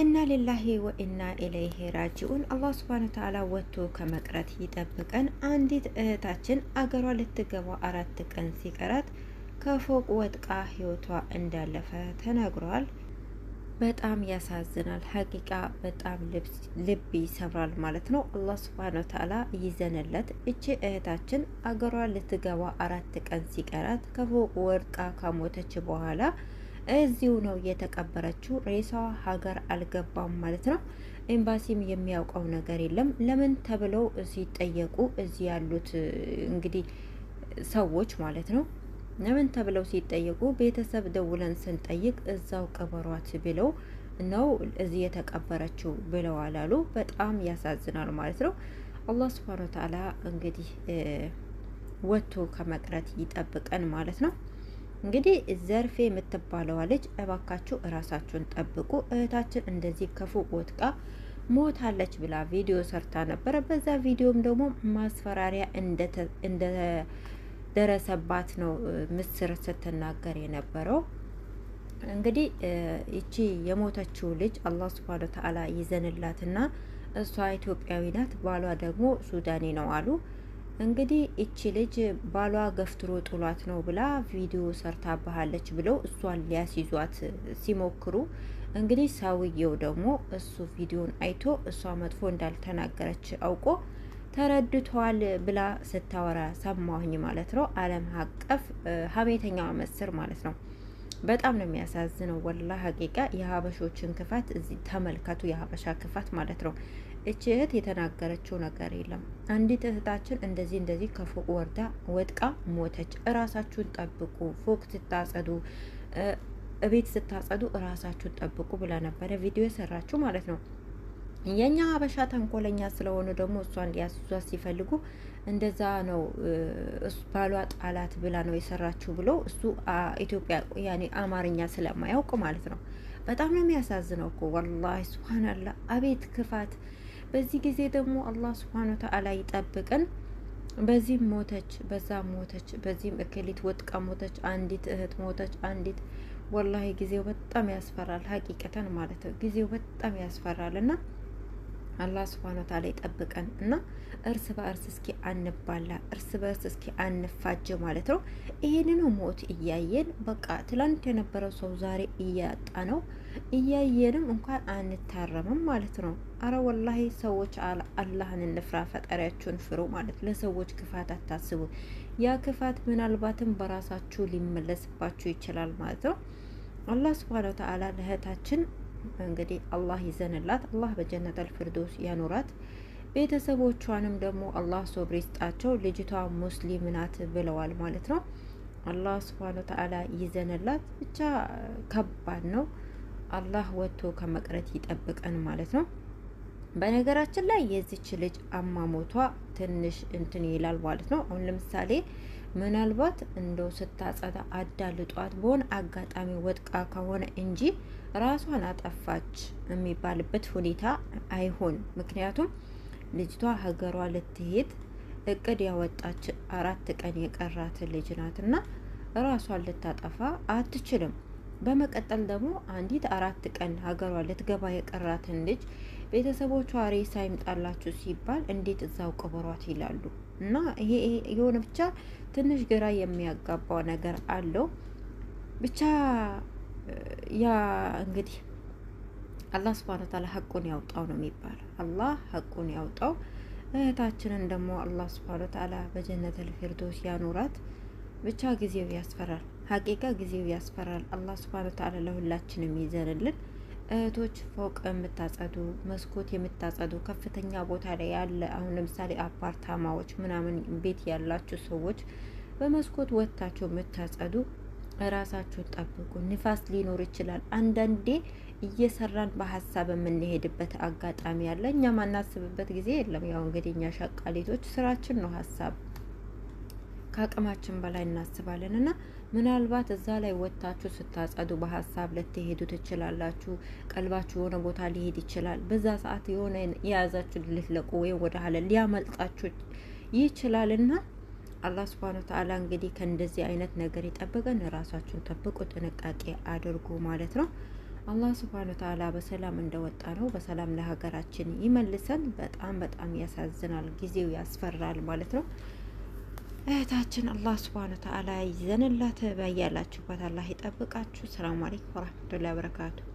እና ሊላሂ ወኢና ኢለይሂ ራጂኡን። አላህ ሱብሃነሁ ወተዓላ ወጥቶ ከመቅረት ይጠብቀን። አንዲት እህታችን አገሯ ልትገባ አራት ቀን ሲቀራት ከፎቅ ወጥቃ ህይወቷ እንዳለፈ ተነግሯል። በጣም ያሳዝናል። ሀቂቃ በጣም ልብ ይሰብራል ማለት ነው። አላህ ሱብሃነሁ ወተዓላ ይዘንለት። እቺ እህታችን አገሯ ልትገባ አራት ቀን ሲቀራት ከፎቅ ወድቃ ከሞተች በኋላ እዚሁ ነው የተቀበረችው። ሬሳዋ ሀገር አልገባም ማለት ነው። ኤምባሲም የሚያውቀው ነገር የለም። ለምን ተብለው ሲጠየቁ እዚህ ያሉት እንግዲህ ሰዎች ማለት ነው ለምን ተብለው ሲጠየቁ ቤተሰብ ደውለን ስንጠይቅ እዛው ቀበሯት ብለው ነው እዚህ የተቀበረችው ብለዋል አሉ። በጣም ያሳዝናል ማለት ነው። አላህ ስብሃነ ወተዓላ እንግዲህ ወጥቶ ከመቅረት ይጠብቀን ማለት ነው። እንግዲህ ዘርፌ የምትባለዋ ልጅ እባካችሁ እራሳችሁን ጠብቁ፣ እህታችን እንደዚህ ክፉ ወጥቃ ሞታለች ብላ ቪዲዮ ሰርታ ነበረ። በዛ ቪዲዮም ደግሞ ማስፈራሪያ እንደደረሰባት ነው ምስር ስትናገር የነበረው። እንግዲህ ይቺ የሞተችው ልጅ አላህ ስብሃነ ተዓላ ይዘንላትና እሷ ኢትዮጵያዊ ናት፣ ባሏ ደግሞ ሱዳኒ ነው አሉ እንግዲህ እቺ ልጅ ባሏ ገፍትሮ ጥሏት ነው ብላ ቪዲዮ ሰርታባሃለች ብለው እሷን ሊያስይዟት ሲሞክሩ እንግዲህ ሰውየው ደግሞ እሱ ቪዲዮን አይቶ እሷ መጥፎ እንዳልተናገረች አውቆ ተረድቷል ብላ ስታወራ ሰማሁኝ ማለት ነው። ዓለም አቀፍ ሀሜተኛ መስር ማለት ነው። በጣም ነው የሚያሳዝነው። ወላ ሀቂቃ የሀበሾችን ክፋት እዚህ ተመልከቱ። የሀበሻ ክፋት ማለት ነው። እች እህት የተናገረችው ነገር የለም። አንዲት እህታችን እንደዚህ እንደዚህ ከፎቅ ወርዳ ወጥቃ ሞተች። እራሳችሁን ጠብቁ፣ ፎቅ ስታጸዱ፣ ቤት ስታጸዱ እራሳችሁን ጠብቁ ብላ ነበረ ቪዲዮ የሰራችሁ ማለት ነው። የኛ ሀበሻ ተንኮለኛ ስለሆኑ ደግሞ እሷን ሊያስዟት ሲፈልጉ እንደዛ ነው ባሏ ጣላት ብላ ነው የሰራችሁ ብሎ እሱ ኢትዮጵያ ያኔ አማርኛ ስለማያውቅ ማለት ነው። በጣም ነው የሚያሳዝነው እኮ ወላሂ ሱብሃነላህ አቤት ክፋት በዚህ ጊዜ ደግሞ አላህ ስብሐነ ወተዓላ ይጠብቅን። በዚህም ሞተች፣ በዛ ሞተች፣ በዚህም እክሊት ወጥቃ ሞተች፣ አንዲት እህት ሞተች፣ አንዲት ወላሂ ጊዜው በጣም ያስፈራል። ሀቂቀተን ማለት ነው ጊዜው በጣም ያስፈራል እና አላህ ስብሃነ ወተዓላ ይጠብቀን እና እርስ በእርስ እስኪ አንባላ፣ እርስ በእርስ እስኪ አንፋጅ ማለት ነው። ይህንኑ ሞት እያየን በቃ ትላንት የነበረው ሰው ዛሬ እያጣ ነው። እያየንም እንኳን አንታረምም ማለት ነው። አረ ወላሂ ሰዎች አላህን እንፍራ፣ ፈጣሪያችሁን ፍሩ ማለት ለሰዎች ክፋት አታስቡ። ያ ክፋት ምናልባትም በራሳችሁ ሊመለስባችሁ ይችላል ማለት ነው። አላህ ስብሃነ ወተዓላ ለእህታችን እንግዲህ አላህ ይዘንላት፣ አላህ በጀነት አልፍርዶስ ያኖራት። ቤተሰቦቿንም ደግሞ አላህ ሶብር ይስጣቸው። ልጅቷ ሙስሊም ናት ብለዋል ማለት ነው። አላህ ስብሃነ ወተዓላ ይዘንላት። ብቻ ከባድ ነው። አላህ ወጥቶ ከመቅረት ይጠብቀን ማለት ነው። በነገራችን ላይ የዚች ልጅ አማሞቷ ትንሽ እንትን ይላል ማለት ነው። አሁን ለምሳሌ ምናልባት እንደው ስታጸዳ አዳልጧት በሆነ አጋጣሚ ወጥቃ ከሆነ እንጂ ራሷን አጠፋች የሚባልበት ሁኔታ አይሆን። ምክንያቱም ልጅቷ ሀገሯ ልትሄድ እቅድ ያወጣች አራት ቀን የቀራት ልጅ ናትና ራሷን ልታጠፋ አትችልም። በመቀጠል ደግሞ አንዲት አራት ቀን ሀገሯ ልትገባ የቀራትን ልጅ ቤተሰቦቿ ሬሳ ይምጣላችሁ ሲባል እንዴት እዛው ቅብሯት ይላሉ። እና ይሄ የሆነ ብቻ ትንሽ ግራ የሚያጋባው ነገር አለው። ብቻ ያ እንግዲህ አላህ ስብሃነ ወተዓላ ሀቁን ያውጣው ነው የሚባለው። አላህ ሀቁን ያውጣው። እህታችንን ደግሞ አላህ ስብሃነ ወተዓላ በጀነት ፊርዶስ ያኑራት። ብቻ ጊዜው ያስፈራል፣ ሀቂቃ ጊዜው ያስፈራል። አላህ ስብሃነ ወተዓላ ለሁላችንም ይዘንልን። እህቶች ፎቅ የምታጸዱ መስኮት የምታጸዱ ከፍተኛ ቦታ ላይ ያለ አሁን ለምሳሌ አፓርታማዎች ምናምን ቤት ያላችሁ ሰዎች በመስኮት ወጥታችሁ የምታጸዱ ራሳችሁን ጠብቁ። ንፋስ ሊኖር ይችላል። አንዳንዴ እየሰራን በሀሳብ የምንሄድበት አጋጣሚ አለ። እኛ ማናስብበት ጊዜ የለም። ያው እንግዲህ እኛ ሸቃሌቶች ስራችን ነው ሀሳብ ከአቅማችን በላይ እናስባለን እና ምናልባት እዛ ላይ ወጥታችሁ ስታጸዱ በሀሳብ ልትሄዱ ትችላላችሁ። ቀልባችሁ የሆነ ቦታ ሊሄድ ይችላል። በዛ ሰዓት የሆነ የያዛችሁ ልትለቁ ወይም ወደ ኋላ ሊያመልጣችሁ ይችላል እና አላህ ስብሃነ ወተዓላ እንግዲህ ከእንደዚህ አይነት ነገር ይጠብቀን። ራሳችሁን ጠብቁ፣ ጥንቃቄ አድርጉ ማለት ነው። አላህ ስብሃነ ወተዓላ በሰላም እንደወጣ ነው በሰላም ለሀገራችን ይመልሰን። በጣም በጣም ያሳዝናል። ጊዜው ያስፈራል ማለት ነው። እህታችን አላህ ስብሃነ ተዓላ ይዘንላት። በያላችሁበት አላህ ይጠብቃችሁ። ሰላም አለይኩም ወራህመቱላሂ ወበረካቱሁ።